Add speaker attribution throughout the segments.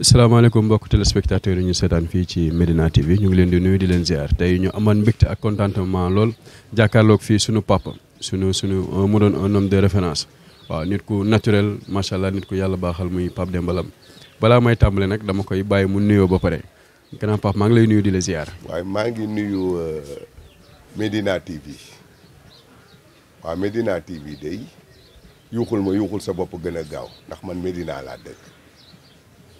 Speaker 1: salaamaaleykum mbokk téléspectateurs yu ñu seetaan fii ci Medina TV ñu ngi leen di nuyu di leen ziar tey ñu amaan mbégte ak contentement lool jàkkaarloog fii suñu papa suñu suñu euh, mu doon un homme de référence waaw nit ku naturel macha allah nit ku yàlla baaxal muy Pape Demba Lam balaa may tàmbale nag dama koy bàyyi mu nuyoo ba pare grand Pape maa ngi lay nuyu di la ziar. waaye maa
Speaker 2: ngi nuyu euh, Medina TV waa Medina TV day yuuxul ma yuuxul sa bopp gën a gaaw ndax man Medina laa dëkk.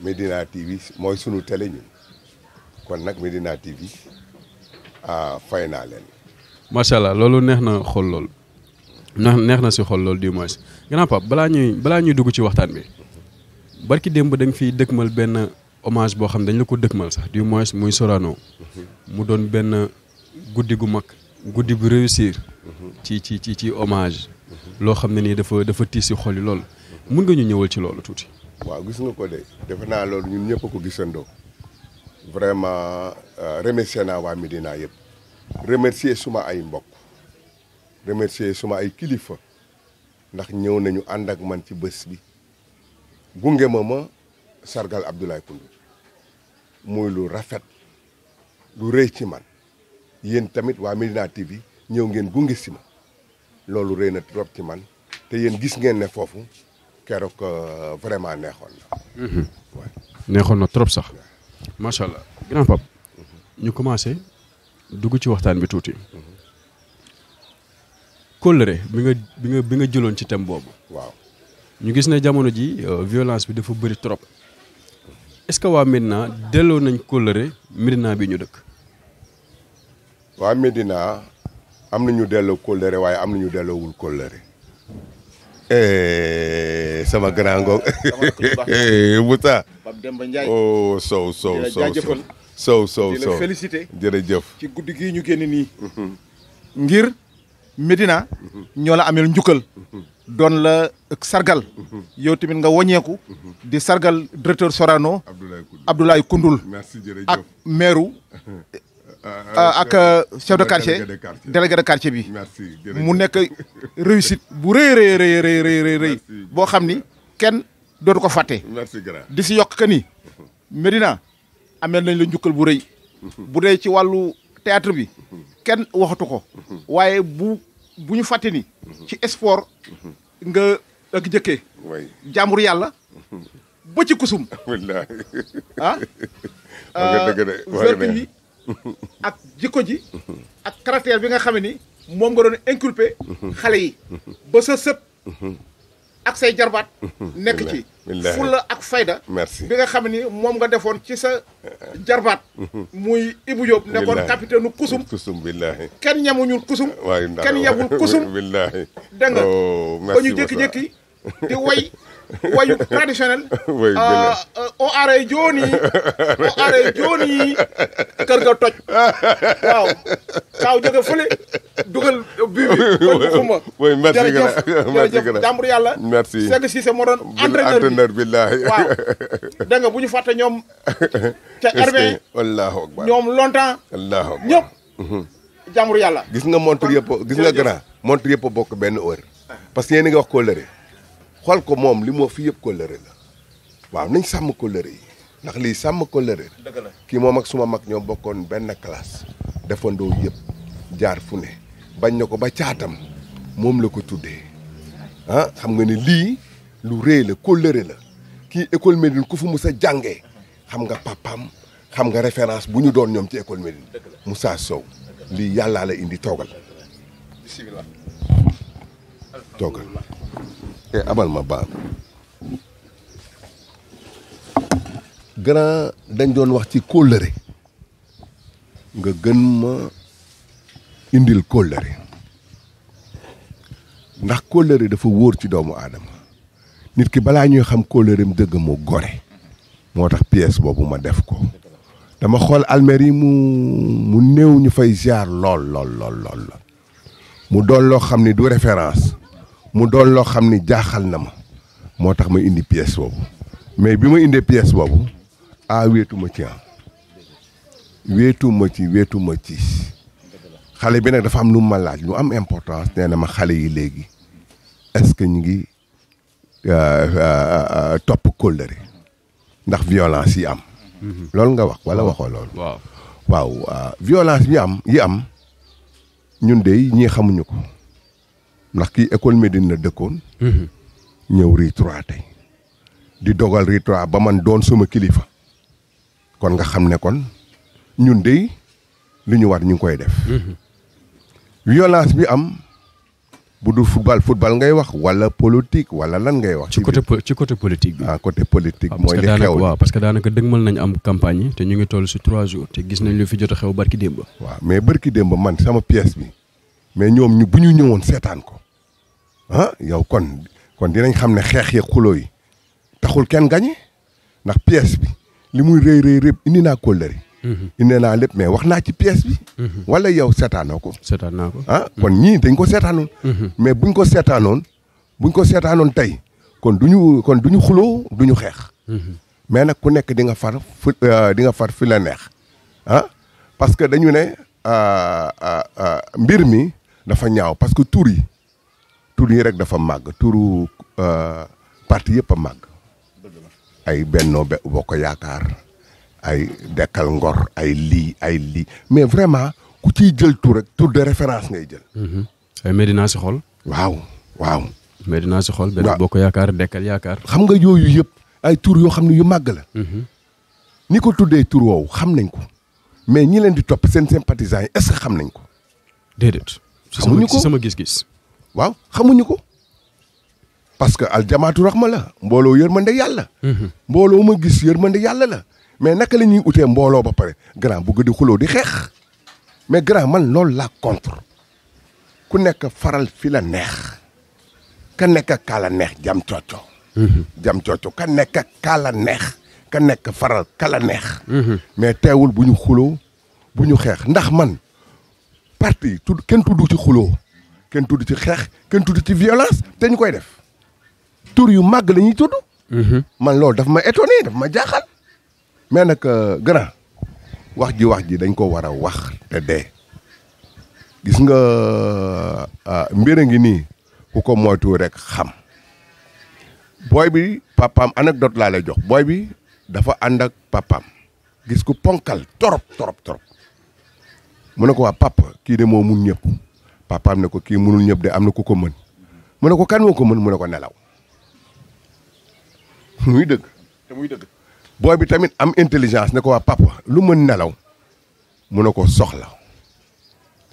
Speaker 2: Medina TV mooy sunu tele ñun kon nag Medina TV fay naa leen.
Speaker 1: macha allah loolu neex na xol lool neex neex na si xol lool du moins grand pape balaa ñuy balaa ñuy dugg ci waxtaan bi barki démb dañ fiy dëkkmal benn omage boo xam dañ la ko dëkkmal sax du moins muy Sorano mu doon benn guddi gu mag guddi bu réussir. ci ci ci ci hommage. loo xam ne nii dafa dafa tiis si xol yi lool. mun nga ñu ñëwal ci loolu tuuti.
Speaker 2: waaw gis nga ko de defe naa loolu ñun ñëpp ko gisandoo vraiment euh, remercier naa waa Médina yëpp remercier suma ay mbokk remercier suma ay kilifa ndax ñëw nañu ànd ak man ci bés bi gunge ma sargal Abdoulaye Koundoul muy lu rafet lu rëy ci man yéen tamit waa Médina TV ñëw ngeen gunge si ma loolu rëy na trop ci man te yéen gis ngeen ne foofu keroog euh, vraiment neexoon na.
Speaker 1: Mhm. neexoon na trop sax macha allah grand pap mhm. ñu commencé dugg ci waxtaan bi tuuti. Mhm. kóllëre bi nga bi nga bi nga jëloon ci thème boobu. waaw ñu gis ne jamono ji euh, violence bi dafa bëri trop. est-ce que waa Médina delloo nañ kóllëre Médina bi ñu dëkk.
Speaker 2: waa Médina am nañu delloo kóllëre waaye am na ñu delloowul kóllëre. Eh, sama grand ngoog eh, Moussa Pape Demba oh, sow sow sow jaajëfal sow sow sow félicité jërëjëf
Speaker 3: ci guddi gii ñu génn nii mhm. ngir Médina mhm. ñoo la ameel njukkal mhm. doon la sargal yow tamit nga woññeeku di sargal directeur Sorano Abdoulaye Koundoul ak maire
Speaker 2: Euh, euh, ak chef euh, de quartier délégué de quartier bi mu nekk réussite
Speaker 3: bu rëy rëy rëy boo xam ni kenn dootu ko fàtte di si yokk que ni Médina amee nañ la njukkal bu rëy bu dee ci wàllu théâtre bi kenn waxatu ko waaye bu bu ñu fàtte ni ci sport nga ak jëkkee jàmbur yàlla ba ci kusum ah dëgg jikko ji ak caractère bi nga xam ne ni moom nga doon inculpé xale yi ba sa sëpp ak say jarbaat nekk ci fulla ak fayda merci bi nga xam ni moom nga defoon ci sa jarbaat muy Ibou Diop nekkoon capitaine nu kusum
Speaker 2: kusum billaahi
Speaker 3: kenn ñamuñul kusum kenn yabul kusum
Speaker 2: billaahi dégg nga
Speaker 3: oh, ba ñu jékki-jékki di way wayu traditionnel ah, ah, o are jooni o are jooni kër ga toj waaw kaaw jóge fële dugal bi bi xuma way merci jërëjëf jërëjëf yàlla merci Seck Cissé moo doon entraîneur
Speaker 2: bi billaahi waaw
Speaker 3: da bu ñu fàtte ñoom
Speaker 2: ca RV allahu akbar
Speaker 3: ñoom longtemps
Speaker 2: allahu akbar ñëpp mhm. jàmbur yàlla gis nga montre yëpp gis nga grand montre yëpp bokk benn heure parce que yéen a ngi wax kóllëre xool ko moom li moo fi yëpp kóllëre la waaw nañ sàmm kóllëre ndax lii sàmm kóllëre la kii moom ak suma mag ñoo bokkoon benn classe defandoo yëpp jaar fu bañ na ko ba caatam moom la ko tuddee ah, xam nga ni lii lu rëy la kóllëre la kii école Médine ku fu mu sa jàngee xam nga papam xam nga référence bu ñu doon ñoom ci école Médine Moussa Sow lii yàllaa la indi toogal toogal te eh, abal ma baal grand dañ doon wax ci kóllëre nga gën ma indil kóllëre ndax kóllëre dafa wóor ci doomu aadama nit ki balaa ñuy xam kóllëreem dëgg mu gore moo tax pièce boobu ma def ko dama xool almer yi mu mu néew ñu fay ziar lool lool lool mu doon loo xam ni du référence mu dool loo xam ni jaaxal na ma moo tax ma indi pièce woowu mais bi ma indee pièce boobu ah wéetuma ci ah wéetuma ci wéetuma ci xale bi nag dafa am lu ma laaj lu am importance nee na ma xale yi léegi est-ce que ñu ngi euh, euh, euh, topp kóllëre ndax violence yi am. Mhm. loolu nga wax walla waxoo loolu. waaw waaw violence yi am yi am ñun de ñii xamuñu ko. ndax kii école Médine la dëkkoon. Mhm. ñëw Riz 3 di dogal Riz ba man doon suma kilifa. kon nga xam ne kon ñun de li ñu war ñu ngi koy def. Mhm. violence bi am bu du football football ngay wax wala politique wala lan ngay wax. ci côté
Speaker 1: ci côté politique bi. ah côté politique ah, mooy li xew waaw parce que daanaka dëgmal nañ am campagne yi te ñu ngi toll si trois jours te gis nañ lu fi jot a xew barki démb. waaw
Speaker 2: mais barki démb man sama pièce bi mais ñoom ñu bu ñu ñëwoon seetaan ko ha ah, yow kon kon dinañ xam ne xeex ya xuloo yi taxul kenn gañe ndax pièce bi li muy rëy rëy rëb indi naa kóllëre mhm. indi naa lépp mais wax naa ci pièce bi mhm. wala yow seetaanoo ko seetaan naa ah kon ñii dañ ko seetaanoon mhm. mais buñ ko seetaanoon buñ ko seetaanoon tey kon duñu kon duñu xuloo ñu xeex mais nag ku nekk di nga far fu euh, di nga far fi la neex ah parce que dañu ne euh, euh, mbir mi dafa ñaaw parce que tur yi tur yi rek dafa màgg turu euh, parti yëpp a màgg ay Benno Bokk Yaakaar ay Dekkal Ngor ay lii ay lii mais vraiment ku ciy jël tur rek tur de référence ngay jël.
Speaker 1: Mhm. ay Medina si xol. waaw waaw. Medina si xol. Benno ko Yaakaar Dekkal Yaakaar.
Speaker 2: xam nga yooyu yëpp ay tur yoo xam ne yu màgg la. Mhm. ni ko tuddee tur woowu xam nañ ko mais ñi leen di topp seen sympathisants yi est-ce que xam nañ ko. déedéet. sama gis waaw xamuñu ko parce que aljamaatu ma la mbooloo man yërmande yàlla. Mhm. mbooloo ma gis de yàlla la. mais naka la ñuy utee mbooloo ba pare grand bugg di xuloo di xeex mais grand man loolu laa contre ku nekk faral fi la neex ka nekk ak neex jam cooco. Mhm. jam cooco ka nekk ak neex ka nekk faral kala neex. Mhm. mais teewul bu ñu xuloo bu ñu xeex ndax man parti tud kenn tuddu ci xuloo. kenn tudd ci xeex kenn tudd ci violence te ñu koy def tur yu màgg la ñuy tudd. Mhm. man loolu daf ma étonné daf ma jaaxal. mais nag euh, grand wax ji wax ji dañ ko war a wax te dee gis nga euh, ah, mbir a ngi nii ku ko moytu rek xam booy bi papaam anecdote laa lay jox booy bi dafa ànd ak papaam gis ku ponkal torop torop torop mu ne ko waa papa kii de moo mun ñëpp. papaam ne ko kii mënul ñëpp de am na ku ko mën mu ne ko kan moo ko mën mu ne ko nelaw muy bi tamit am intelligence ne ko waa papa lu mën nelaw mu ne ko soxla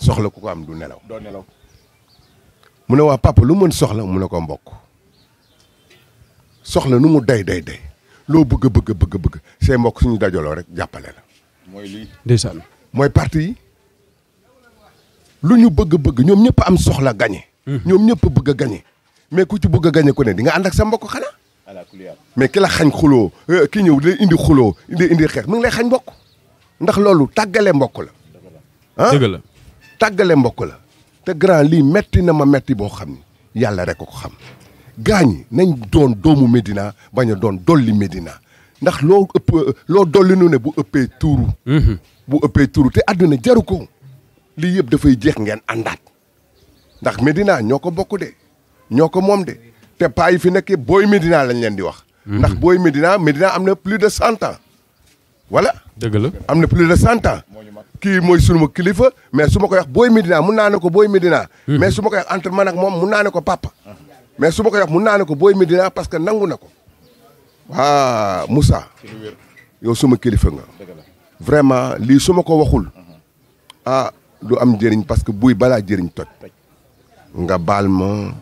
Speaker 2: soxla ku ko am du nelaw doo nelaw mu ne waa papa lu mën soxla mu ne ko mbokk soxla nu mu day day day loo bëgg bëgg bëgg bëgg say mbokk suñu dajaloo rek jàppale la mooy lii ndeysaan mooy parti yi lu ñu bëgg-bëgg ñoom ñëpp am soxla gañe hmm. ñoom ñëpp bëgg a gagné mais ku ci bëgg gañe gagné ku ne di nga ànd ak sa mbokk xanaa. mais ki xañ xuloo eh, ki ñëw di indi xuloo di indi xeex mu ngi lay xañ mbokk ndax loolu tàggale mbokk la. ah la tàggale mbokk la. te grand lii metti na ma metti boo xam ni yàlla rek ko xam gaañ nañ doon doomu Médina bañ doon dolli Médina ndax loo ëpp loo dolli nu ne bu ëppee tuuru. Hmm. bu ëppee tuuru te àdduna jaru ko. lii yëpp dafay jeex ngeen àndaat ndax Medina ñoo ko bokk de ñoo ko moom de te paa yi fi nekk booy Medina lañ leen di wax. Mhm. ndax booy Medina Medina am na plus de cent ans. voilà dëgg la am na plus de cent ans. kii mooy sunu kilifa mais suma ko koy wax booy Medina mun naa ne ko booy Medina. Mhm. mais su ma koy wax entre man ak moom mun naa ne ko papa. mais su ma koy wax mun naa ne ko booy Medina parce que nangu na ko. waa Moussa. yow suma kilifa nga. vraiment lii su ma ko waxul. Ah du am njëriñ parce que buy balaa jëriñ toj nga baal ma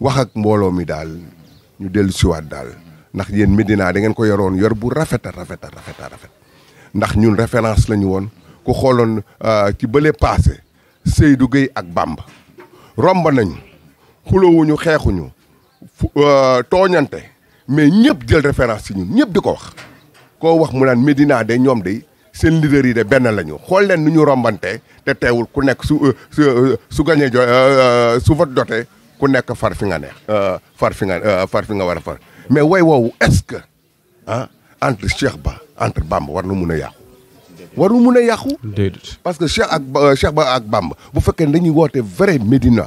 Speaker 2: wax ak mbooloo mi daal ñu dellu siwaat daal ndax yéen Médina da ngeen ko yoroon yor bu rafeta rafeta rafeta rafet ndax ñun référence lañu woon ku xooloon euh, ci bële passé Seydou Gueye ak Bamba romb nañu xulowuñu xeexuñu euh, tooñante mais ñëpp jël référence ci ñun ñëpp di ko wax koo wax mu naan Médina de ñoom de seen leader yi de benn lañu xool leen nu ñu rombante te teewul ku nekk su euh, su euh, gañee jo euh, su vote dote ku nekk far fi nga neex far fi nga far fi nga war a far mais woy woowu est-ce que ah entre Cheikh Ba entre Bamba war na mun a yàqu waru mun a yàqu parce que Cheikh ak Cheikh Ba ak bamb bu fekkee dañuy woote vrai Médina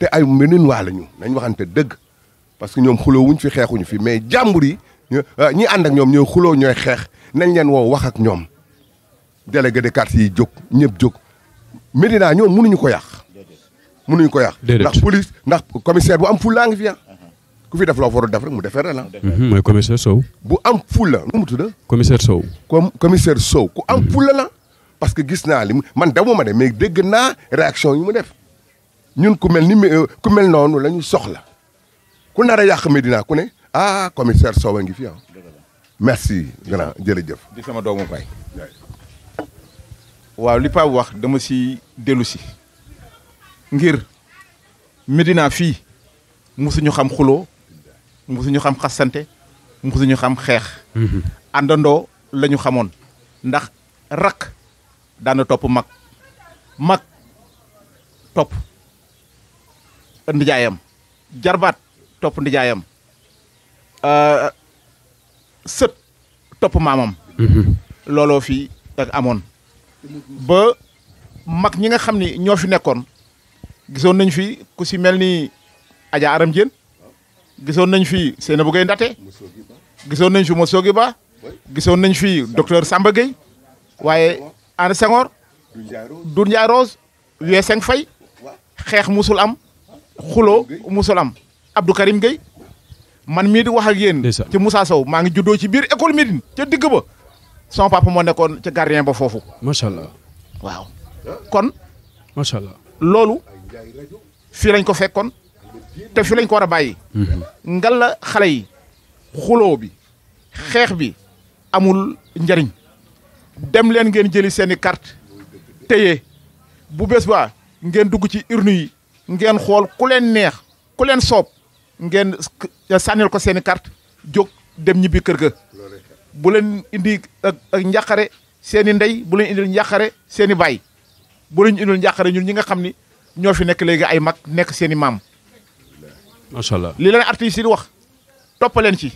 Speaker 2: te ay Médine waa lañu nañ waxante dëgg parce que ñoom xuloo wuñ fi xeexuñu fi mais jàmbur yi ñi ànd ak ñoom ñooy xuloo ñooy xeex nañ leen woo wax ak ñoom délégué de quartier yi jóg ñëpp jóg Médina ñoom mënuñu ko yàq. mënuñu ko yàq. ndax police ndax commissaire bu am fulla ngi fi ah. ku fi def loo war def rek mu defee ren ah.
Speaker 1: Mhm, mooy commissaire Sow.
Speaker 2: bu am fulla nu mu tudd. commissaire Sow. comme commissaire Sow ku am mhm. fulla la. parce que gis naa li man demuma de mais dégg naa réaction yi mu def ñun ku mel ni euh, ku mel noonu la soxla ku nar a yàq Médina ku ne ah commissaire Sow a ngi fi ah. merci.
Speaker 3: grand jërëjëf. di sama doomu Baye. waaw li Pape wax dama ci dellu si ngir Médina fii musuñu xam xuloo musuñu xam xasante musuñu xam xeex mhm. àndandoo la ñu xamoon ndax rakk daana topp mag mag topp ndijaayam jarbaat topp ndijaayam euh, sët topp maamam mhm. looloo fii ak amoon ba mag ñi nga xam ni ñoo fi nekkoon gisoon nañ fi ku si mel ni Adja Aram Dieng gisoon nañ fi Seynabou Gueye Ndaté gisoon nañ fi Moussogui Ba gisoon nañ fi docteur Samba Gueye waaye Henri Senghor Doudou Ndiaye Rose Wee Fay xeex musul am xulo musul am Abdou Karim Gueye man mii di wax ak yéen ci Moussa Sow maa ngi juddoo ci biir école Médine ca digg ba sama papa moo nekkoon ca gardien ba foofu. macha allah waaw. kon. macha allah loolu fii lañ ko fekkoon te fii lañ ko war a bàyyi. Mhm. ngal la xale yi xuloo bi xeex bi amul njariñ dem leen ngeen jëli seen i carte téye bu bés ba ngeen dugg ci urne yi ngeen xool ku leen neex ku leen soob ngeen sànnil ko seeni i jóg dem ñibbi kër ga. bu leen indi ak ak njàqare seen i ndey bu leen indil njàqare seen i baay bu leen indil njàqare ñun ñi nga xam ni ñoo fi nekk léegi ay mag nekk seen i maam. macha allah li leen artistes yi di wax toppaleen ci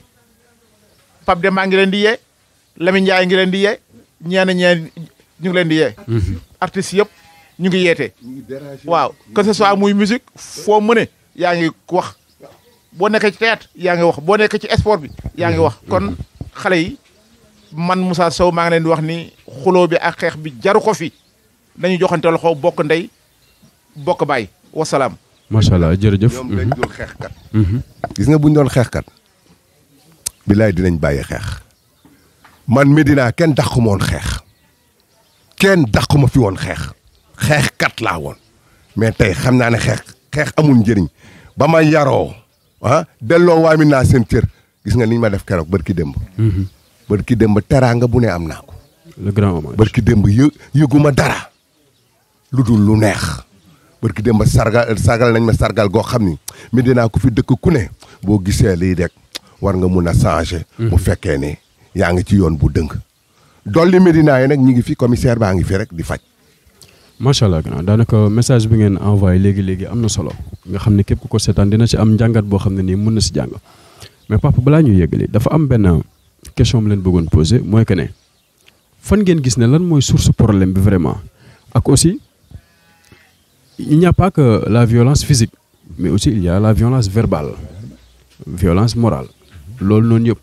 Speaker 3: Pape Demba ngi leen di yee Lamine Ndiaye ngi leen di yee ñeena ñeen ñu ngi leen di yee. Mhm. artistes yëpp ñu ngi yeete. waaw que ce muy musique foo mëne yaa ngi wax boo nekkee ci théâtre yaa ngi wax boo nekkee ci sport bi yaa ngi wax mhm. kon xale yi man Moussa Sow maa ngi leen di wax nii xuloo bi ak xeex bi jaru ko fi dañu joxante loxo bokk ndey bokk baay wasalaam.
Speaker 1: macha allah jërëjëf. ñoom dañ xeex kat mhm.
Speaker 2: gis nga bu ñu doon xeexkat. bilaay dinañ bàyyi xeex. man Medina kenn dàqu ma woon xeex. kenn dàqu fi woon xeex. xeexkat laa woon. mais tey xam naa ne xeex xeex amul njëriñ ba ma yaroo ah delloo waami naa seen cër gis nga niñ ma def keroog bër bërki démb. Mhm. barki démb teraanga bu ne am naa ko. le grand hommage barki démb yë yëguma dara lu dul lu neex barki démb sargal sargal nañ ma sargal goo xam ni mi dinaa ko fi dëkk ku ne boo gisee lii rek war nga mun a changer. Mhm. bu fekkee ne yaa ngi ci yoon bu dëng. dolli Medina yi nag ñu ngi fi commissaire baa ngi fi rek di faj.
Speaker 1: macha allah grand daanaka message bi ngeen envoyé léegi léegi am na solo nga xam ne képp ku ko seetaan dina si am njàngat boo xam ne nii mën na si jàng mais papa dafa am benn question bi leen bëggoon posé mooy que ne fan ngeen gis ne lan mooy source problème bi vraiment ak aussi il n'y la violence physique mais aussi il y la violence verbale violence morale loolu noonu yëpp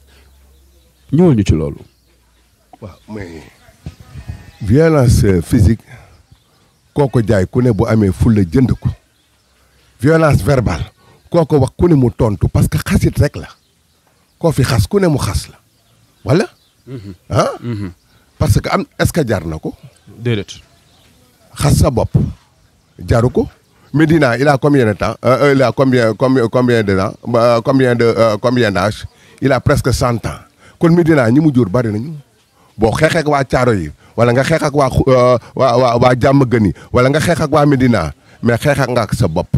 Speaker 1: ñëwal ñu ci loolu. waaw mais violence physique
Speaker 2: jaay ku bu amee fulla jënd ko violence verbale koo ko wax ku ne mu tontu parce que xasit rek la koo fi xas ku ne mu xas la. wala. Mhm. Ah? Mhm. parce que am est-ce que jar na ko. déedéet. xas sa bopp jaru ko. Medina il a combien de temps euh, euh, il a combien combien de temps combien de euh, combien d'âge presque cent ans kon Medina ñi mu jur bari nañu boo xeexeek waa Caaro yi wala nga xeex ak waa waa waa waa jàmm gën yi wala nga xeex ak waa Medina mais xeex nga ak sa bopp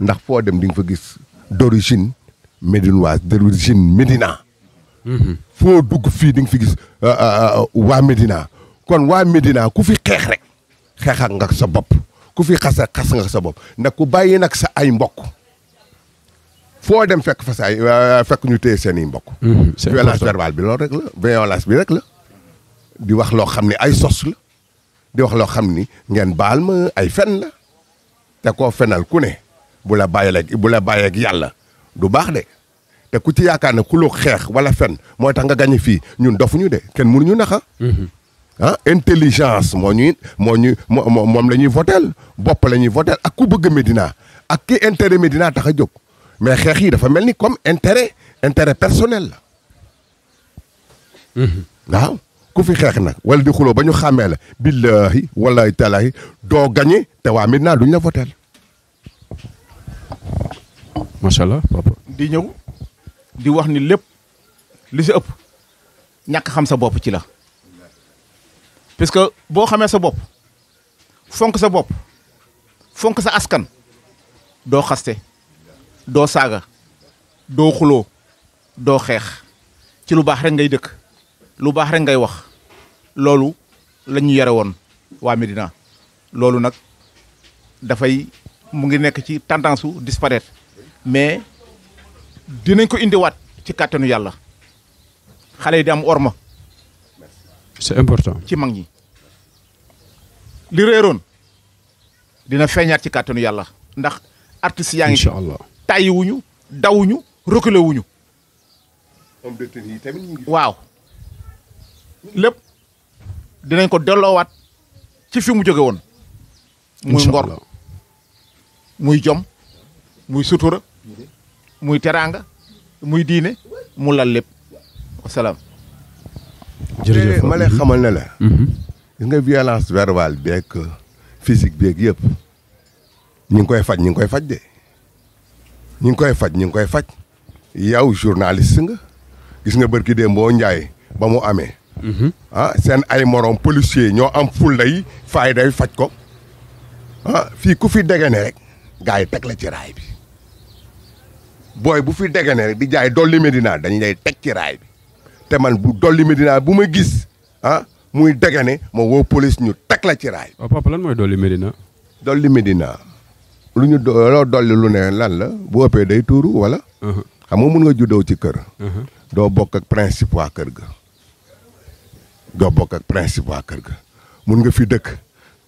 Speaker 2: ndax foo dem di nga fa gis d'origine médinoise d'origine Medina. Mhm. foo dugg fii di nga fi gis euh, euh, euh, waa Médina kon waa Médina ku fi xeex rek xeexal nga sa bopp ku fi xas xas nga sa bopp nag ku bàyyi nag sa ay mbokk foo dem fekk fa sa ay fekk ñu téye seeni i mbokk.
Speaker 1: Mhm. violence verbale
Speaker 2: bi loolu rek la violence bi rek la di wax loo xam ni ay sos la di wax loo xam ni ngeen baal ma ay fen la te koo fenal ku ne bu la bàyyi la yàlla du baax de. ku ci yaakaar ne xuloo xeex wala fen mooy tax nga gañe fii ñun dofuñu de kenn mënuñu naxa ah intelligence moo ñu moo ñuy moom la ñuy voteel bopp la ñuy voteel ak ku bëgg Médina ak ki intérêt Médina tax a jóg mais xeex yi dafa mel ni comme intérêt intérêt personnel
Speaker 1: la
Speaker 2: waaw ku fi xeex nag wala di xuloo ba ñu xàmmee la billahi wallahi taalahi doo gañe te waa Médina duñ la voteel
Speaker 3: di ñëw di wax ni lépp li si ëpp ñàkk xam sa bopp ci la puisque boo xamee sa bopp fonk sa bopp fonk sa askan doo xaste doo saaga doo xuloo doo xeex ci lu baax rek ngay dëkk lu baax rek ngay wax loolu la ñu yore woon waa Médina loolu nag dafay mu ngi nekk ci tendance su disparaître mais dinañ ko indiwaat ci kàttanu yàlla xale yi di am orma. ci mag ñi. li reeroon dina feeñaat ci kàttanu yàlla ndax artistes yaa ngi. incha allah dawuñu reculé wuñu. waaw lépp dinañ ko delloowaat ci fi mu jóge woon. muy ngor muy jom muy sutura. Mm-hmm. muy teraanga muy diine mu la lépp wasalaam.
Speaker 2: jërëjëf ma lay xamal ne la. Mm-hmm.
Speaker 3: gis nga violence verbale beeg euh,
Speaker 2: physique beeg yëpp ñu ngi koy faj ñu ngi koy faj de ñu ngi koy faj ñu ngi koy faj yow journaliste nga gis nga barki dee mboo njaay ba mu amee. Mm-hmm. Ah, seen ay morom policier ñoo am ful day faay day faj ko ah fii ku fi degene rek gars yi teg la ci bi. booy bu fi degene rek di jaay dolli Medina dañu lay teg ci raay bi te man bu dolli Medina bu ma gis ah muy degene moo woo police ñu teg la ci raay.
Speaker 1: waaw oh, papa lan mooy dolli
Speaker 2: Medina. dolli Medina lu ñu loo dolli lu ne lan la bu ëppee day tuuru wala. Uh-huh. xam nga mun nga juddoo ci kër. Uh-huh. doo bokk ak principe waa kër ga. doo bokk ak principe waa kër ga mun nga fi dëkk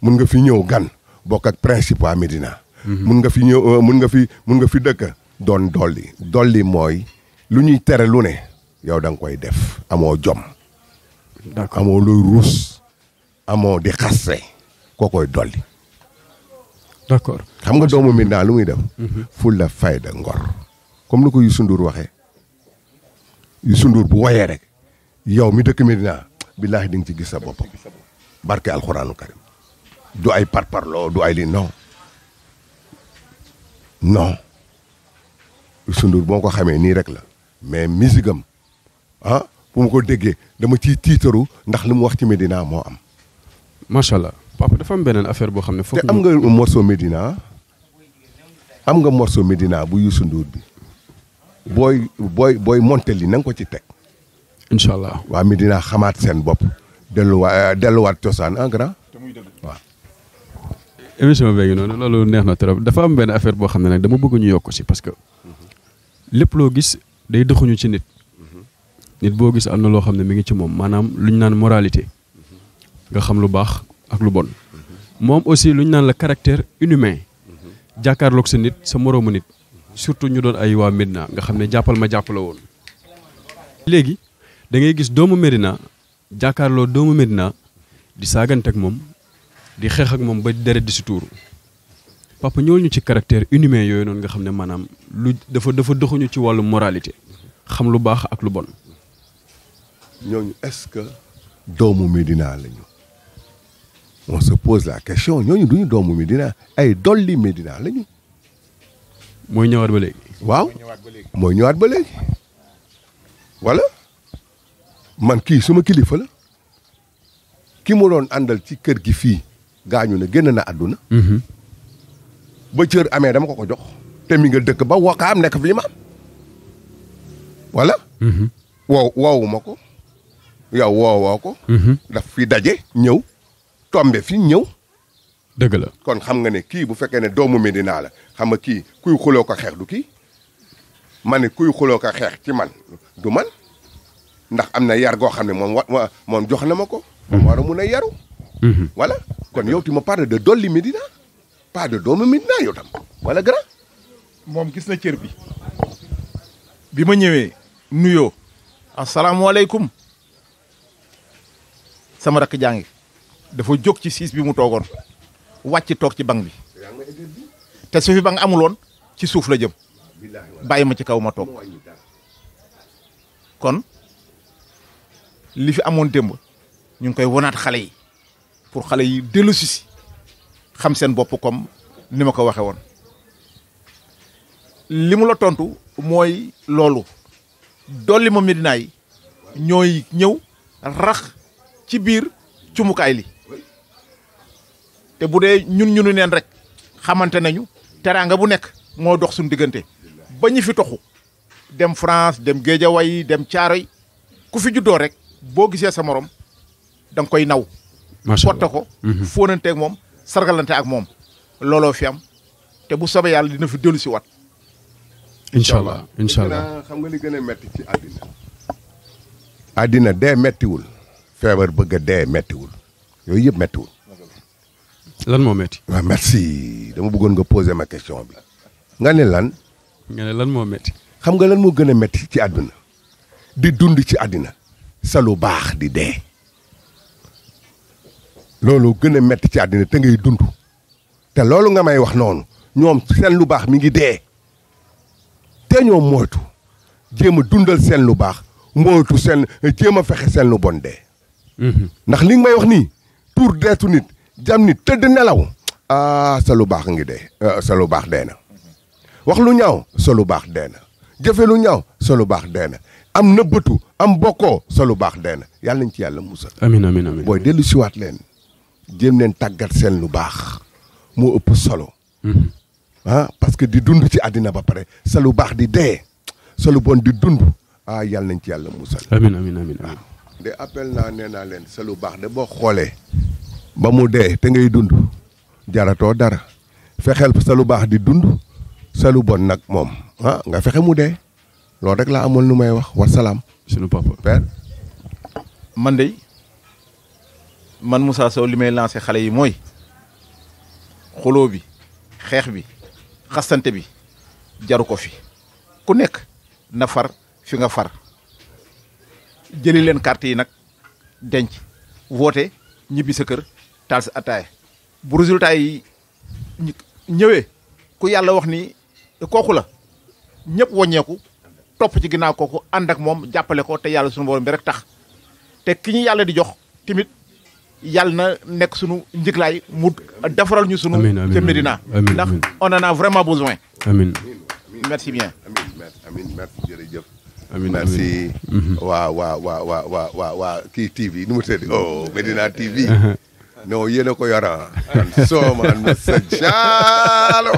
Speaker 2: mun nga fi ñëw gan bokk ak principe waa Medina. Mm-hmm. mun nga fi ñëw euh, mun nga fi mun nga fi dëkk. doon dolli dolli mooy lu ñuy tere lu ne yow danga koy def amoo jom amoo luy ruus amoo di xaste koo koy dolli xam nga doomu mi naa lu muy def mhm. ful la fayda ngor comme lu ko Youssou Ndour waxee Youssou Ndour bu woyee rek yow mi dëkk Medina billaahi di nga ci gis sa bopp barke alxuraanu karim du ay parparloo du ay li non non Youssou Ndour boo ko xamee nii rek la mais musique am ah bu ma ko déggee dama ciy tiitaru ndax li mu wax ci Medina moo am. macha allah
Speaker 1: papa dafa am beneen affaire boo xam
Speaker 2: ne. te am nga morceau Medina am nga morceau Medina bu Youssou booy booy booy montali na nga ko ci teg. incha allah waa Medina xamaat seen bopp delluwaat euh, delluwaat cosaan en ah, grand waaw.
Speaker 1: émission bee ngi noonu loolu neex na trop dafa am benn affaire boo xam ne nag dama bëgg ñu yokk si parce que. lépp loo gis day doxuñu ci nit nit boo gis am na loo xam ne mi ngi ci moom maanaam lu ñu naan moralité nga xam lu baax ak lu bon moom aussi lu ñu naan la caractère inhumain jàkkaarloog sa nit sa moroomu nit surtout ñu doon ay waa Médina nga xam ne jàppal ma jàpp la woon léegi da ngay gis doomu Médina jàkkaarloo doomu Médina di saagante ak moom di xeex ak moom ba deret di si tuuru papa ñëwal ñu ci caractère inhumain yooyu noonu nga xam ne maanaam lu dafa dafa doxuñu ci wàllu moralité xam lu baax ak lu bon. ñooñu est-ce que
Speaker 2: doomu Médina lañu on se pose la question ñooñu duñu doomu Médina ay dolli dinaa lañu.
Speaker 1: mooy ñëwaat ba léegi. waaw
Speaker 2: mooy ñëwaat ba léegi. wala man kii suma kilifa la ki mu doon àndal ci kër gi fii gaañu na génn na àdduna. Mm-hmm. ba cër amee dama ko ko jox te mi nga dëkk ba wakaam nekk fi ma voilà mm-hmm. wow woowu ma ko yow woowoo ko mm-hmm. daf fi daje ñëw tombe fi ñëw dëgg la kon xam nga ne kii bu fekkee ne doomu Medina la xam nga kii kuy xuloo ko xeex du kii ma ne kuy xuloo ko xeex ci man du man ndax am na yar goo xam ne moom wa moom jox na ma ko moom mm-hmm. war mun a yaru voilà kon yow tu me parles de Dolly
Speaker 3: Medina pas de doomu mit naa yow tam wala gara moom gis na cër bi bi ma ñëwee nuyoo asalaamaaleykum sama rakk jàngi dafa jóg ci siis bi mu toogoon wàcc toog ci bank bi te su fi bank amuloon ci suuf la jëm bàyyi ma ci kaw ma toog kon li fi amoon démb ñu ngi koy wonaat xale yi pour xale yi dellusi si xam seen bopp comme ni ma ko waxe woon li mu la tontu mooy loolu dolli ma Medina yi ñooy ñëw rax ci biir cumukaay li te bu dee ñun ñunu neen rek xamante nañu teraanga bu nekk moo dox suñu diggante ba ñu fi toxu dem France dem Géejawaay dem Caaroy ku fi juddoo rek boo gisee sa morom da koy naw. macha allah ko. Mhm. fóonanteeg moom sargalante ak moom looloo fi am te bu soobee yàlla dina fi dellu si wat
Speaker 1: incha
Speaker 2: allah incha allah
Speaker 3: xam nga li gën a metti ci àddina
Speaker 2: àddina dee mettiwul feebar bëgg a dee mettiwul yooyu yëpp mettiwul lan moo metti waaw merci dama buggoon nga poser ma question bi nga ne lan nga ne lan moo metti xam nga lan moo gën a metti ci àdduna di dund ci àddina sa lu baax di dee loolu gën a metti ci àddina te ngay dund te loolu nga may wax noonu ñoom seen lu baax mi ngi dee te ñoom moytu jéem a dundal seen lu baax moytu seen jéem a fexe seen lu bon dee mhm. ndax li may wax nii tuur deetu nit jam nit tëdd nelaw ah sa lu baax ngi dee ah, sa lu baax dee na wax lu ñaaw sa lu baax dee na jëfe lu ñaaw sa lu baax dee na am nëbbatu am bokkoo sa lu baax dee na yàlla nañ ci yàlla musal
Speaker 1: amiin amiin amiin booy
Speaker 2: dellu siwaat leen jéem leen tàggat seen lu baax moo ëpp solo. ah parce que di dund ci àddina ba pare sa lu baax di dee sa lu bon di dund a ah, yàlla nañ ci yàlla musal.
Speaker 1: amiin amiin amiin waaw.
Speaker 2: Ah, appel naa nee naa leen sa lu baax de boo xoolee. ba mu dee te ngay dund jaratoo dara fexeel sa lu baax di dund sa lu bon nag moom ah, nga fexe mu dee loolu rek laa amoon lu may wax wasalaam. sunu papa
Speaker 3: père man Moussa Sow li may lancé xale yi mooy xoloo bi xeex bi xastante bi jaru ko fi ku nekk na far fi nga far jëli leen carte yi nag denc woote ñibbi sa kër taal sa ataaya bu résultat yi ñëwee ku yàlla wax ni kooku la ñëpp wàññeeku topp ci ginnaaw kooku ànd ak moom jàppale ko te yàlla suñu borom bi rek tax te ki yàlla di jox tamit yàlla na nekk sunu njëglaay mu defaral ñu sunu. amiin ca Médina vraiment besoin. amiin merci bien. amiin merci jërëjëf. amiin merci. waa waa
Speaker 2: kii TV nu mu tëdd oh TV. Mhm. non yéen a ko yara an sooma an ma jaalo.